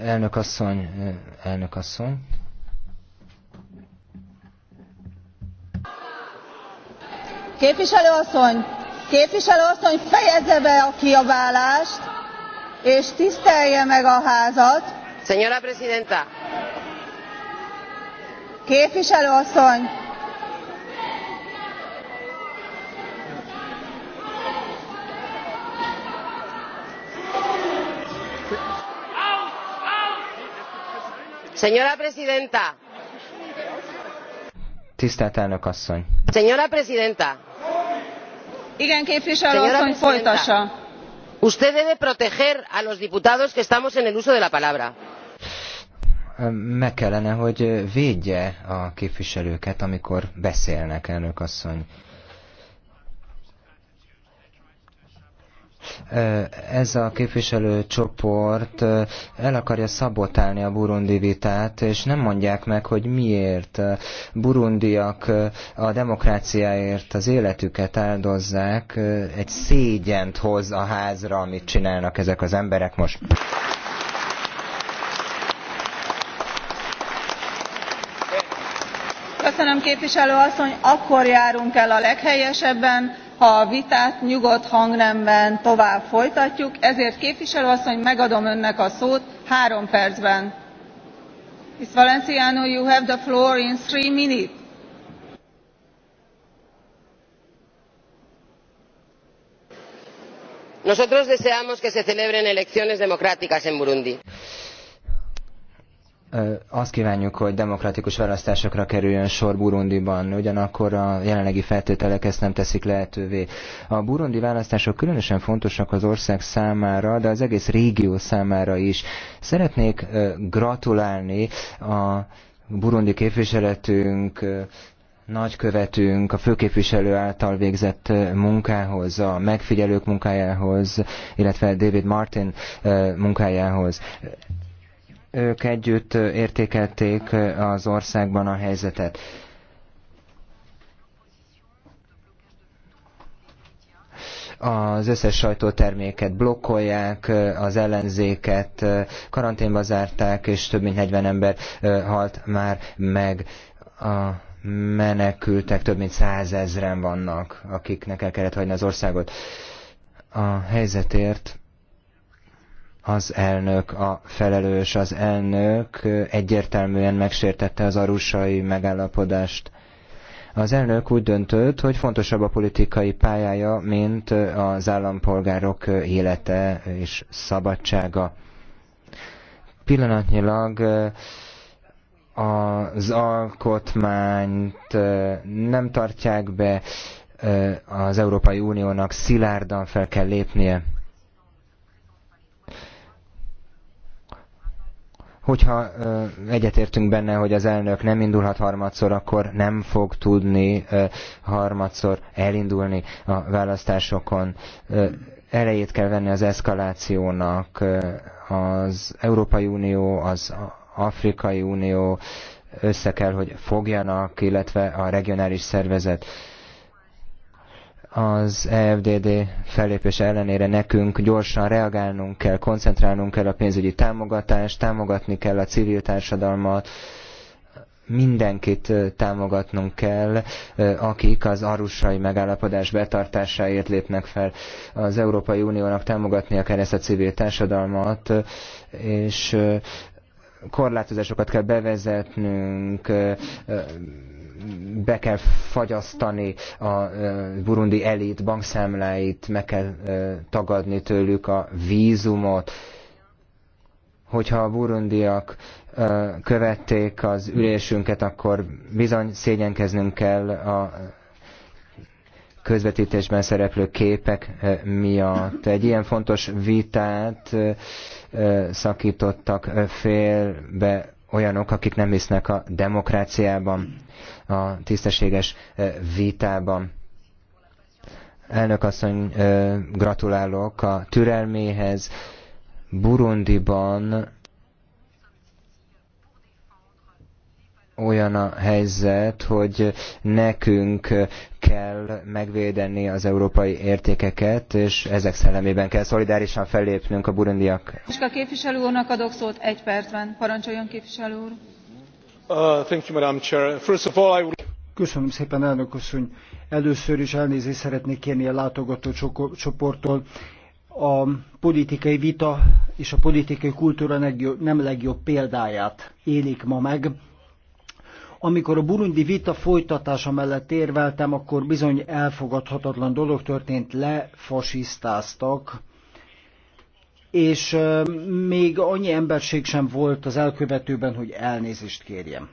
elnök asszony elnök asszony képviselő asszony képviselő asszony fejezze be a kiabálást és tisztelje meg a házat señora presidenta képviselő asszony Señora presidenta. Tisztelt elnök asszony. Señora presidenta. Igen, képviselő asszony, folytassa. Usted debe proteger a los diputados que estamos en el uso de la palabra. Meg kellene, hogy védje a képviselőket, amikor beszélnek, elnök asszony. Eh, ez a képviselőcsoport eh, el akarja szabotálni a burundi vitát, és nem mondják meg, hogy miért burundiak eh, a demokráciáért az életüket áldozzák, egy szégyent hoz a házra, amit csinálnak ezek az emberek most. Köszönöm képviselő asszony, akkor járunk el a leghelyesebben, ha a vitát nyugodt hangnemben tovább folytatjuk ezért képviselő asszony megadom önnek a szót három percben. ms valenciano you have the floor in three minutes. nosotros deseamos que se celebren elecciones democráticas en burundi azt kívánjuk, hogy demokratikus választásokra kerüljön sor Burundiban, ugyanakkor a jelenlegi feltételek ezt nem teszik lehetővé. A burundi választások különösen fontosak az ország számára, de az egész régió számára is. Szeretnék gratulálni a burundi képviseletünk nagykövetünk, a főképviselő által végzett munkához, a megfigyelők munkájához, illetve David Martin munkájához ők együtt értékelték az országban a helyzetet. az összes sajtóterméket blokkolják, az ellenzéket karanténba zárták, és több mint 40 ember halt már meg. A menekültek több mint százezren vannak, akiknek el kellett hagyni az országot. A helyzetért az elnök a felelős, az elnök egyértelműen megsértette az arusai megállapodást. Az elnök úgy döntött, hogy fontosabb a politikai pályája, mint az állampolgárok élete és szabadsága. Pillanatnyilag az alkotmányt nem tartják be, az Európai Uniónak szilárdan fel kell lépnie. Hogyha egyetértünk benne, hogy az elnök nem indulhat harmadszor, akkor nem fog tudni harmadszor elindulni a választásokon. Elejét kell venni az eszkalációnak. Az Európai Unió, az Afrikai Unió össze kell, hogy fogjanak, illetve a regionális szervezet az EFDD fellépése ellenére nekünk gyorsan reagálnunk kell, koncentrálnunk kell a pénzügyi támogatást, támogatni kell a civil társadalmat, mindenkit támogatnunk kell, akik az arusai megállapodás betartásáért lépnek fel. Az Európai Uniónak támogatnia kell ezt a civil társadalmat, és korlátozásokat kell bevezetnünk, be kell fagyasztani a burundi elit bankszámláit, meg kell tagadni tőlük a vízumot. Hogyha a burundiak követték az ülésünket, akkor bizony szégyenkeznünk kell a közvetítésben szereplő képek miatt. Egy ilyen fontos vitát szakítottak félbe olyanok, akik nem hisznek a demokráciában, a tisztességes vitában. Elnök asszony, gratulálok a türelméhez. Burundiban olyan a helyzet, hogy nekünk kell megvédeni az európai értékeket, és ezek szellemében kell szolidárisan fellépnünk a burundiak. a képviselő úrnak adok szót egy percben. Parancsoljon képviselő úr. Uh, thank you, Madam Chair. First of all, I would... Köszönöm szépen, elnök asszony. Először is elnézést szeretnék kérni a látogató csoporttól. A politikai vita és a politikai kultúra nem legjobb példáját élik ma meg amikor a burundi vita folytatása mellett érveltem, akkor bizony elfogadhatatlan dolog történt, lefasisztáztak, és még annyi emberség sem volt az elkövetőben, hogy elnézést kérjem.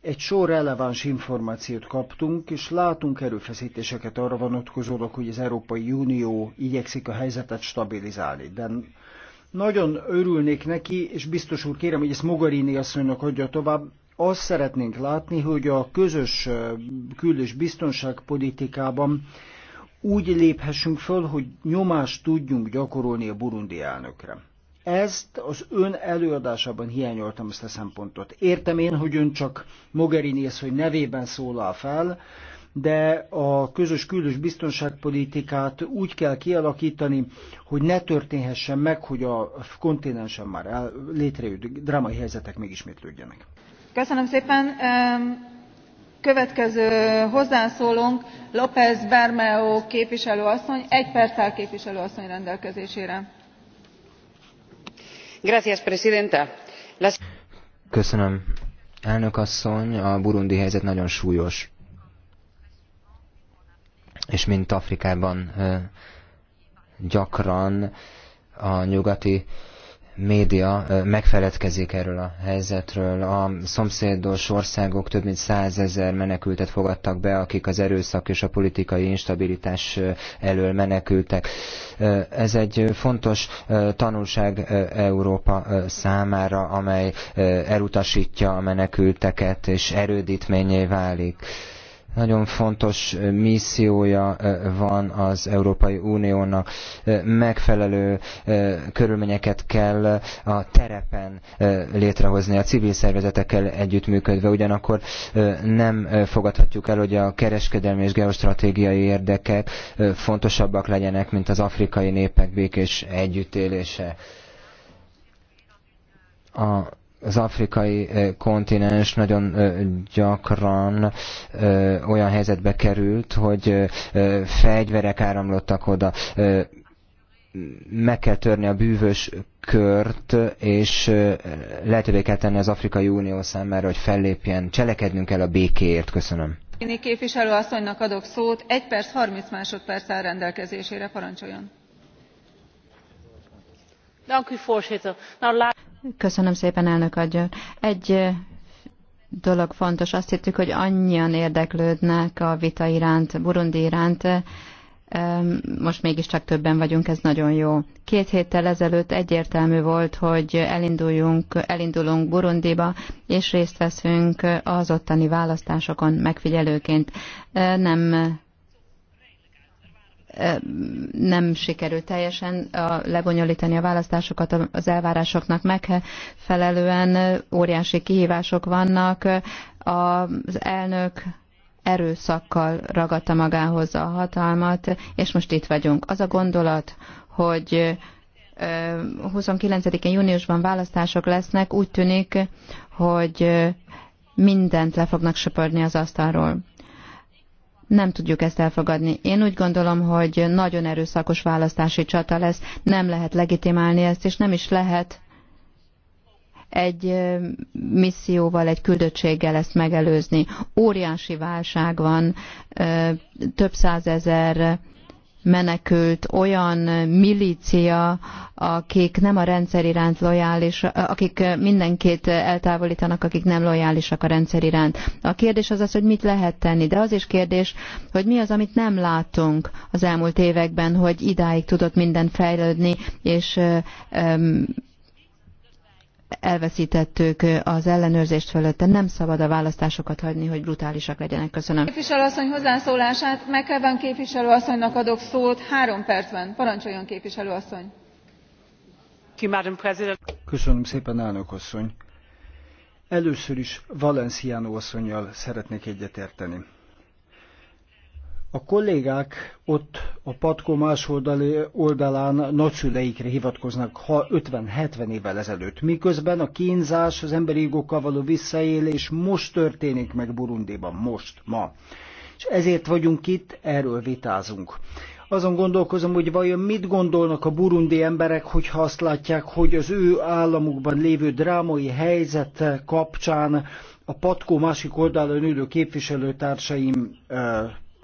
Egy sor releváns információt kaptunk, és látunk erőfeszítéseket arra vonatkozólag, hogy az Európai Unió igyekszik a helyzetet stabilizálni. De nagyon örülnék neki, és biztos úr kérem, hogy ezt Mogarini asszonynak adja tovább. Azt szeretnénk látni, hogy a közös kül- és biztonságpolitikában úgy léphessünk föl, hogy nyomást tudjunk gyakorolni a burundi elnökre. Ezt az ön előadásában hiányoltam ezt a szempontot. Értem én, hogy ön csak Mogherini hogy nevében szólal fel, de a közös külös biztonságpolitikát úgy kell kialakítani, hogy ne történhessen meg, hogy a kontinensen már el, létrejövő drámai helyzetek megismétlődjenek. Köszönöm szépen! Következő hozzászólónk López Bermeo képviselőasszony. egy perccel képviselőasszony rendelkezésére. Gracias, presidenta. Las... Köszönöm. Elnök asszony, a burundi helyzet nagyon súlyos és mint Afrikában gyakran a nyugati média megfeledkezik erről a helyzetről. A szomszédos országok több mint százezer menekültet fogadtak be, akik az erőszak és a politikai instabilitás elől menekültek. Ez egy fontos tanulság Európa számára, amely elutasítja a menekülteket és erődítményé válik nagyon fontos missziója van az Európai Uniónak. Megfelelő körülményeket kell a terepen létrehozni, a civil szervezetekkel együttműködve. Ugyanakkor nem fogadhatjuk el, hogy a kereskedelmi és geostratégiai érdekek fontosabbak legyenek, mint az afrikai népek békés együttélése. A az afrikai eh, kontinens nagyon eh, gyakran eh, olyan helyzetbe került, hogy fegyverek áramlottak oda. Meg kell törni a bűvös kört, és lehetővé kell tenni az Afrikai Unió számára, hogy fellépjen. Cselekednünk kell a békéért. Köszönöm. Én képviselő asszonynak adok szót. 1 perc 30 másodperc áll rendelkezésére. Parancsoljon. voorzitter. Köszönöm szépen, elnök adjon. Egy dolog fontos. Azt hittük, hogy annyian érdeklődnek a vita iránt, Burundi iránt, most mégiscsak többen vagyunk, ez nagyon jó. Két héttel ezelőtt egyértelmű volt, hogy elinduljunk, elindulunk Burundiba, és részt veszünk az ottani választásokon megfigyelőként. Nem nem sikerült teljesen a, lebonyolítani a választásokat az elvárásoknak megfelelően. Óriási kihívások vannak. Az elnök erőszakkal ragadta magához a hatalmat, és most itt vagyunk. Az a gondolat, hogy 29-én júniusban választások lesznek, úgy tűnik, hogy mindent le fognak söpörni az asztalról. Nem tudjuk ezt elfogadni. Én úgy gondolom, hogy nagyon erőszakos választási csata lesz, nem lehet legitimálni ezt, és nem is lehet egy misszióval, egy küldöttséggel ezt megelőzni. Óriási válság van, több százezer menekült olyan milícia, akik nem a rendszer iránt lojális, akik mindenkit eltávolítanak, akik nem lojálisak a rendszer iránt. A kérdés az az, hogy mit lehet tenni, de az is kérdés, hogy mi az, amit nem látunk az elmúlt években, hogy idáig tudott minden fejlődni, és elveszítettük az ellenőrzést fölötte. Nem szabad a választásokat hagyni, hogy brutálisak legyenek. Köszönöm. Képviselő asszony hozzászólását, McEwen képviselő asszonynak adok szót. Három percben. Parancsoljon képviselő asszony. Köszönöm szépen, elnök asszony. Először is Valenciano asszonyjal szeretnék egyetérteni. A kollégák ott a patkó más oldali, oldalán nagyszüleikre hivatkoznak, ha 50-70 évvel ezelőtt. Miközben a kínzás, az emberi jogokkal való visszaélés most történik meg Burundiban, most, ma. És ezért vagyunk itt, erről vitázunk. Azon gondolkozom, hogy vajon mit gondolnak a burundi emberek, hogyha azt látják, hogy az ő államukban lévő drámai helyzet kapcsán a patkó másik oldalon ülő képviselőtársaim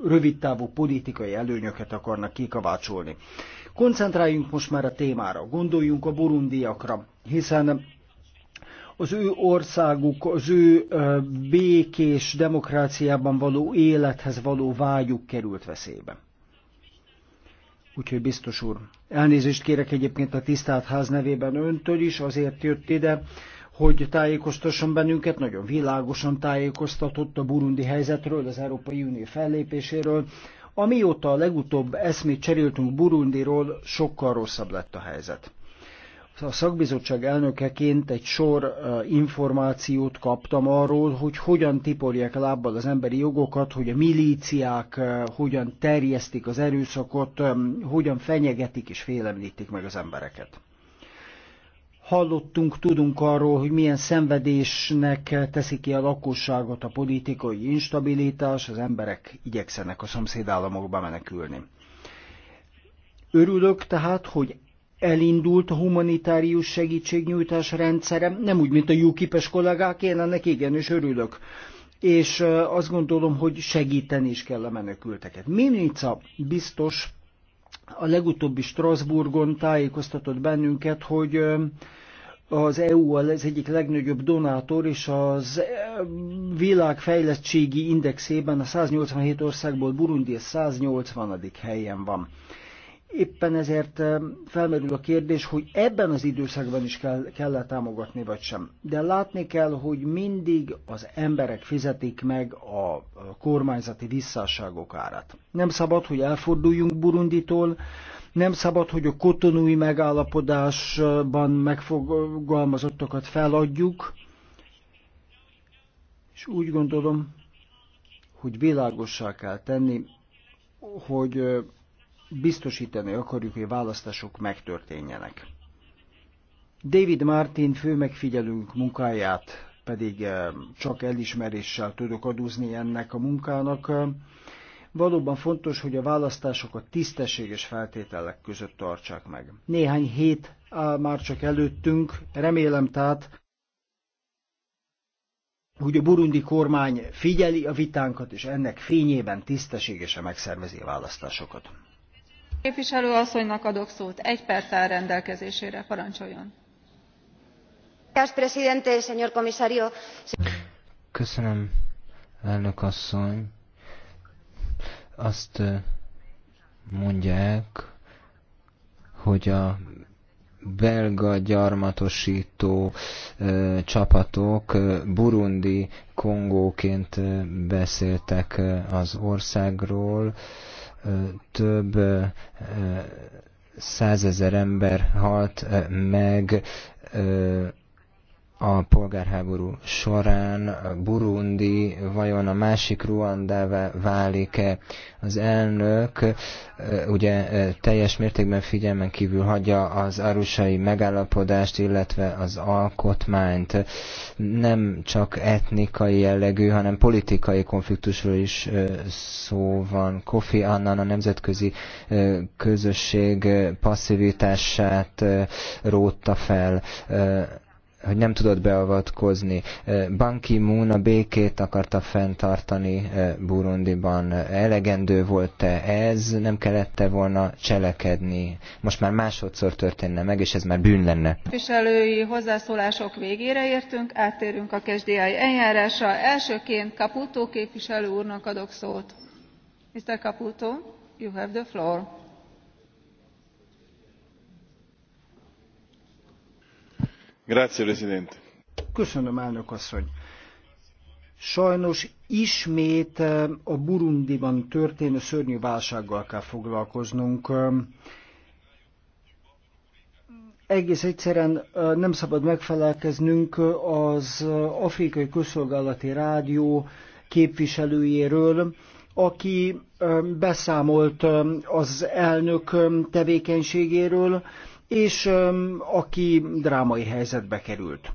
rövidtávú politikai előnyöket akarnak kikavácsolni. Koncentráljunk most már a témára, gondoljunk a burundiakra, hiszen az ő országuk, az ő békés demokráciában való élethez való vágyuk került veszélybe. Úgyhogy biztos úr, elnézést kérek egyébként a tisztelt ház nevében öntől is, azért jött ide, hogy tájékoztasson bennünket, nagyon világosan tájékoztatott a burundi helyzetről, az Európai Unió fellépéséről. Amióta a legutóbb eszmét cseréltünk Burundiról, sokkal rosszabb lett a helyzet. A szakbizottság elnökeként egy sor információt kaptam arról, hogy hogyan tiporják lábbal az emberi jogokat, hogy a milíciák hogyan terjesztik az erőszakot, hogyan fenyegetik és félemlítik meg az embereket hallottunk, tudunk arról, hogy milyen szenvedésnek teszik ki a lakosságot a politikai instabilitás, az emberek igyekszenek a szomszédállamokba menekülni. Örülök tehát, hogy elindult a humanitárius segítségnyújtás rendszerem, nem úgy, mint a UKIP-es kollégák, én ennek igenis örülök. És azt gondolom, hogy segíteni is kell a menekülteket. Minica biztos a legutóbbi Strasbourgon tájékoztatott bennünket, hogy az EU az egyik legnagyobb donátor, és az világ fejlettségi indexében a 187 országból Burundi a 180. helyen van. Éppen ezért felmerül a kérdés, hogy ebben az időszakban is kell, kell -e támogatni, vagy sem. De látni kell, hogy mindig az emberek fizetik meg a kormányzati visszásságok árát. Nem szabad, hogy elforduljunk Burunditól, nem szabad, hogy a kotonúi megállapodásban megfogalmazottakat feladjuk, és úgy gondolom, hogy világossá kell tenni, hogy biztosítani akarjuk, hogy a választások megtörténjenek. David Martin fő megfigyelünk munkáját pedig eh, csak elismeréssel tudok adózni ennek a munkának. Valóban fontos, hogy a választásokat tisztességes feltételek között tartsák meg. Néhány hét áll már csak előttünk, remélem tehát, hogy a burundi kormány figyeli a vitánkat, és ennek fényében tisztességesen megszervezi a választásokat képviselő asszonynak adok szót egy perc áll rendelkezésére parancsoljon! köszönöm elnök asszony azt mondják hogy a belga gyarmatosító csapatok ö, burundi kongóként beszéltek az országról több százezer ember halt meg a polgárháború során Burundi vajon a másik Ruandává válik-e. Az elnök ugye teljes mértékben figyelmen kívül hagyja az arusai megállapodást, illetve az alkotmányt. Nem csak etnikai jellegű, hanem politikai konfliktusról is szó van. Kofi Annan a nemzetközi közösség passzivitását rótta fel hogy nem tudott beavatkozni. Ban Ki-moon a békét akarta fenntartani Burundiban. Elegendő volt-e ez? Nem kellette volna cselekedni? Most már másodszor történne meg, és ez már bűn lenne. Képviselői hozzászólások végére értünk, áttérünk a KSDI eljárásra. Elsőként Caputo képviselő úrnak adok szót. Mr. Caputo, you have the floor. Köszönöm, Sajnos ismét eh, a Burundiban történő szörnyű válsággal kell foglalkoznunk. Egész egyszerűen eh, nem szabad megfelelkeznünk eh, az Afrikai Közszolgálati Rádió képviselőjéről, aki beszámolt az elnök tevékenységéről, és aki drámai helyzetbe került.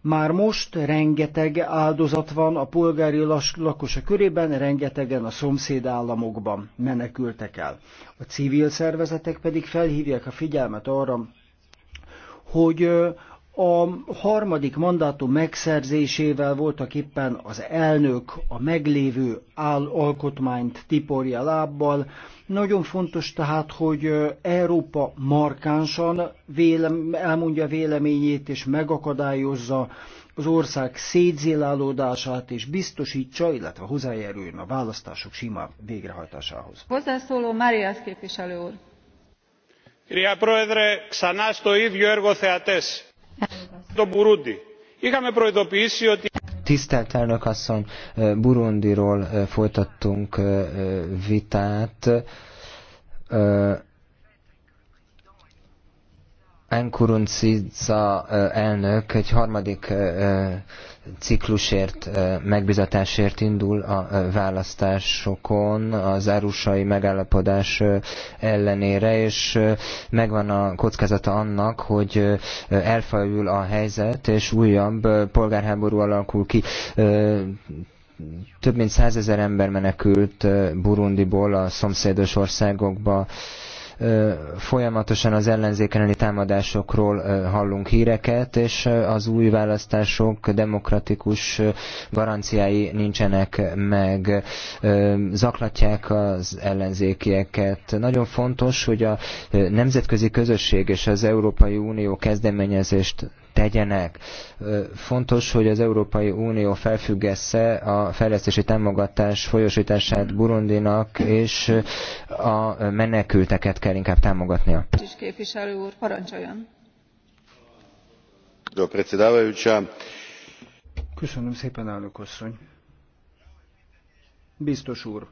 Már most rengeteg áldozat van a polgári lakosa körében, rengetegen a szomszéd államokban menekültek el. A civil szervezetek pedig felhívják a figyelmet arra, hogy a harmadik mandátum megszerzésével voltak éppen az elnök a meglévő alkotmányt tiporja lábbal. Nagyon fontos tehát, hogy Európa markánsan vélem, elmondja véleményét és megakadályozza az ország szétzélálódását és biztosítsa, illetve hozzájáruljon a választások sima végrehajtásához. Hozzászóló Máriász képviselő úr. Kriá Proedre, Xanás, Toiv, Jörgó, έργο Tisztelt elnök asszony, Burundiról folytattunk vitát Enkurunciza elnök egy harmadik ciklusért, megbizatásért indul a választásokon az árusai megállapodás ellenére, és megvan a kockázata annak, hogy elfajul a helyzet, és újabb polgárháború alakul ki több mint százezer ember menekült Burundiból a szomszédos országokba. Folyamatosan az ellenzék elleni támadásokról hallunk híreket, és az új választások demokratikus garanciái nincsenek meg. Zaklatják az ellenzékieket. Nagyon fontos, hogy a nemzetközi közösség és az Európai Unió kezdeményezést tegyenek. Fontos, hogy az Európai Unió felfüggesse a fejlesztési támogatás folyosítását Burundinak, és a menekülteket kell inkább támogatnia. Képviselő úr, parancsoljon! Köszönöm szépen, elnök asszony! Biztos úr,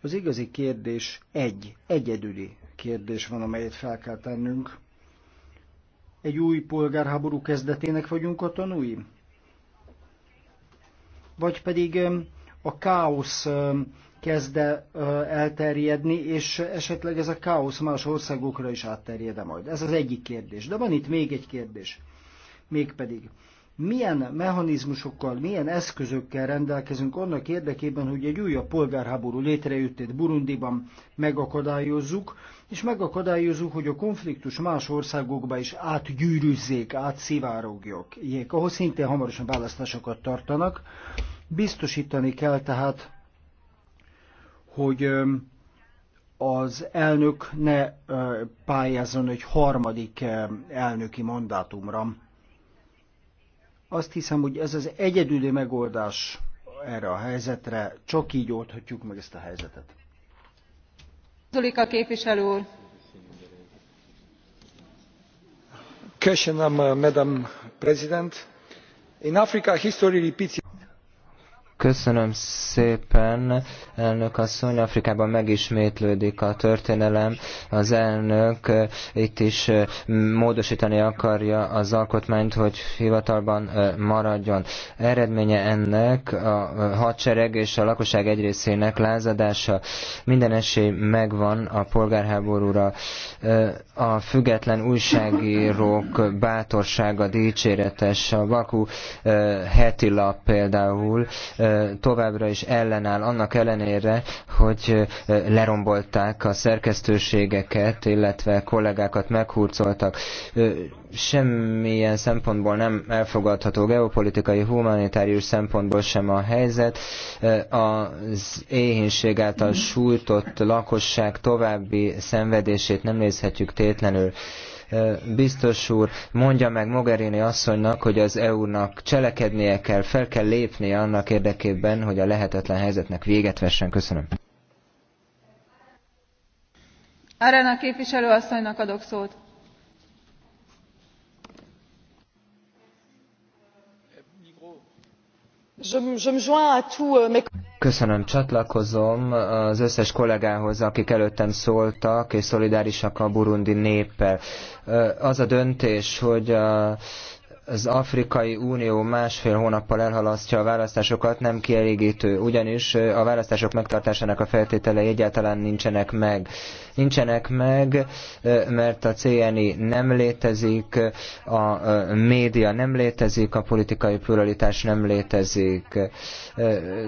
az igazi kérdés egy, egyedüli kérdés van, amelyet fel kell tennünk. Egy új polgárháború kezdetének vagyunk a tanúi? Vagy pedig a káosz kezd elterjedni, és esetleg ez a káosz más országokra is átterjed majd. Ez az egyik kérdés. De van itt még egy kérdés. Mégpedig, milyen mechanizmusokkal, milyen eszközökkel rendelkezünk annak érdekében, hogy egy újabb polgárháború létrejöttét Burundiban megakadályozzuk, és megakadályozzuk, hogy a konfliktus más országokba is átgyűrűzzék, átszivárogjuk, ahhoz szintén hamarosan választásokat tartanak. Biztosítani kell tehát, hogy az elnök ne pályázzon egy harmadik elnöki mandátumra azt hiszem, hogy ez az egyedüli megoldás erre a helyzetre, csak így oldhatjuk meg ezt a helyzetet. Zulika képviselő úr. Köszönöm, uh, Madam President. In Africa, history repeats Köszönöm szépen, elnök asszony. Afrikában megismétlődik a történelem. Az elnök eh, itt is eh, módosítani akarja az alkotmányt, hogy hivatalban eh, maradjon. Eredménye ennek a hadsereg és a lakosság egy részének lázadása. Minden esély megvan a polgárháborúra. A független újságírók bátorsága dicséretes. A vaku heti lap például továbbra is ellenáll, annak ellenére, hogy lerombolták a szerkesztőségeket, illetve kollégákat meghurcoltak. Semmilyen szempontból nem elfogadható geopolitikai, humanitárius szempontból sem a helyzet. Az éhénység által sújtott lakosság további szenvedését nem nézhetjük tétlenül. Eh, biztos úr, mondja meg Mogherini asszonynak, hogy az EU-nak cselekednie kell, fel kell lépnie annak érdekében, hogy a lehetetlen helyzetnek véget vessen. Köszönöm. Arena képviselő asszonynak adok szót. Je, je me joins à tous euh, mes Köszönöm, csatlakozom az összes kollégához, akik előttem szóltak, és szolidárisak a burundi néppel. Az a döntés, hogy a az Afrikai Unió másfél hónappal elhalasztja a választásokat, nem kielégítő, ugyanis a választások megtartásának a feltételei egyáltalán nincsenek meg. Nincsenek meg, mert a CNI nem létezik, a média nem létezik, a politikai pluralitás nem létezik.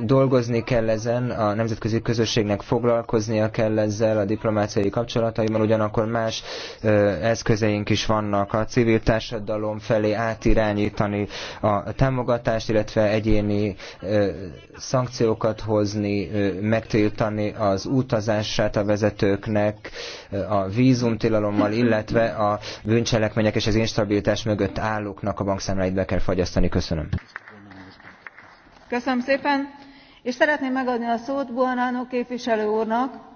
Dolgozni kell ezen, a nemzetközi közösségnek foglalkoznia kell ezzel, a diplomáciai kapcsolataiban, ugyanakkor más eszközeink is vannak a civil társadalom felé át irányítani a támogatást, illetve egyéni szankciókat hozni, megtiltani az utazását a vezetőknek, a vízumtilalommal, illetve a bűncselekmények és az instabilitás mögött állóknak a bankszámláit be kell fagyasztani. Köszönöm. Köszönöm szépen, és szeretném megadni a szót Buonanno képviselő úrnak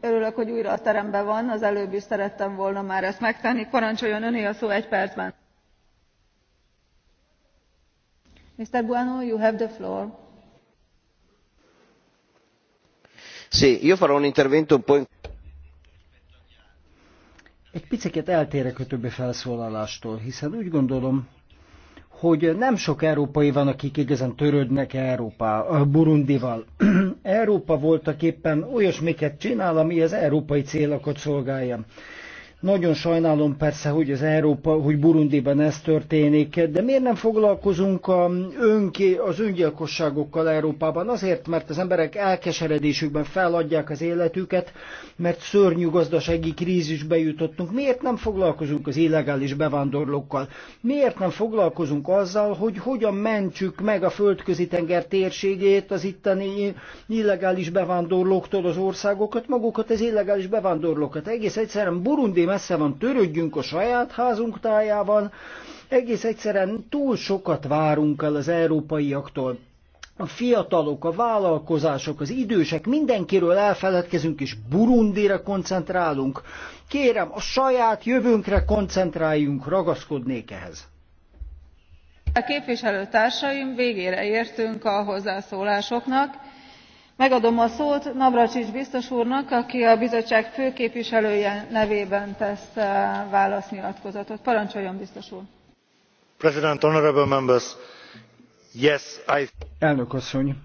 örülök hogy újra a teremben van az előbb is szerettem volna már ezt megtenni parancsoljon öné a szó egy percben. Mr. Buono, you have the floor. Sì, io farò un intervento un po' in... Egy picit eltérek a többi felszólalástól, hiszen úgy gondolom, hogy nem sok európai van, akik igazán törődnek Európa, Burundival. Európa voltak éppen olyasmiket csinál, ami az európai célokat szolgálja. Nagyon sajnálom persze, hogy az Európa, hogy Burundiban ez történik, de miért nem foglalkozunk a önké, az öngyilkosságokkal Európában? Azért, mert az emberek elkeseredésükben feladják az életüket, mert szörnyű gazdasági krízisbe jutottunk. Miért nem foglalkozunk az illegális bevándorlókkal? Miért nem foglalkozunk azzal, hogy hogyan mentsük meg a földközi tenger térségét az itteni illegális bevándorlóktól az országokat, magukat az illegális bevándorlókat? Egész egyszerűen Burundi messze van, törődjünk a saját házunk tájával. Egész egyszerűen túl sokat várunk el az európaiaktól. A fiatalok, a vállalkozások, az idősek, mindenkiről elfeledkezünk és Burundira koncentrálunk. Kérem, a saját jövőnkre koncentráljunk, ragaszkodnék ehhez. A képviselőtársaim végére értünk a hozzászólásoknak megadom a szót navracsics biztos úrnak aki a bizottság fő képviselője nevében tesz eh, válasznyilatkozatot. parancsoljon biztos úr! elnök asszony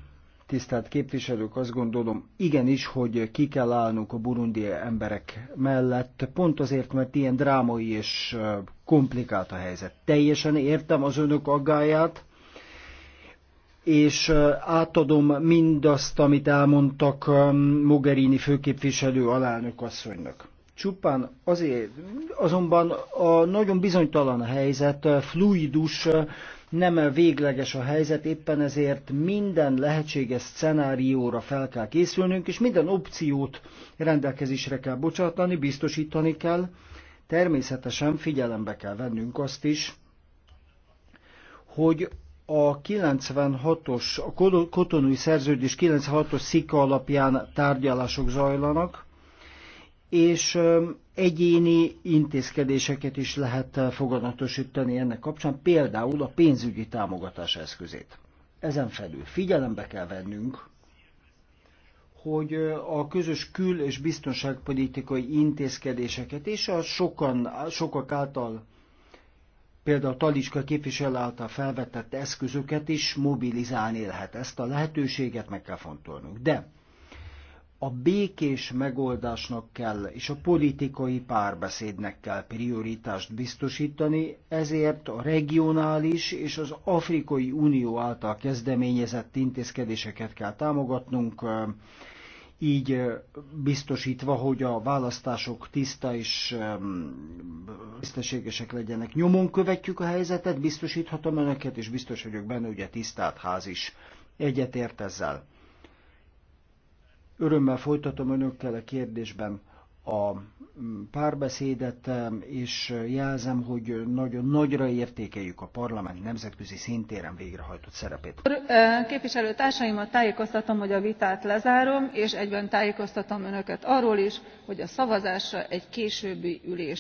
tisztelt képviselők azt gondolom igenis hogy ki kell állnunk a burundi emberek mellett pont azért mert ilyen drámai és eh, komplikált a helyzet. teljesen értem az önök aggályát és átadom mindazt, amit elmondtak Mogherini főképviselő alelnök asszonynak. Csupán azért, azonban a nagyon bizonytalan a helyzet, fluidus, nem végleges a helyzet, éppen ezért minden lehetséges szenárióra fel kell készülnünk, és minden opciót rendelkezésre kell bocsátani, biztosítani kell. Természetesen figyelembe kell vennünk azt is, hogy a 96-os, a kotonúi szerződés 96-os szika alapján tárgyalások zajlanak, és egyéni intézkedéseket is lehet foganatosítani ennek kapcsán, például a pénzügyi támogatás eszközét. Ezen felül figyelembe kell vennünk, hogy a közös kül- és biztonságpolitikai intézkedéseket és a sokan, sokak által például Taliska képvisel által felvetett eszközöket is mobilizálni lehet. Ezt a lehetőséget meg kell fontolnunk. De a békés megoldásnak kell, és a politikai párbeszédnek kell prioritást biztosítani, ezért a regionális és az Afrikai Unió által kezdeményezett intézkedéseket kell támogatnunk, így biztosítva, hogy a választások tiszta és tisztességesek legyenek. Nyomon követjük a helyzetet, biztosíthatom önöket, és biztos vagyok benne, hogy a tisztát ház is egyetért ezzel. Örömmel folytatom önökkel a kérdésben a párbeszédet, és jelzem, hogy nagyon nagyra értékeljük a parlament nemzetközi szintéren végrehajtott szerepét. Képviselőtársaimat tájékoztatom, hogy a vitát lezárom, és egyben tájékoztatom önöket arról is, hogy a szavazásra egy későbbi ülés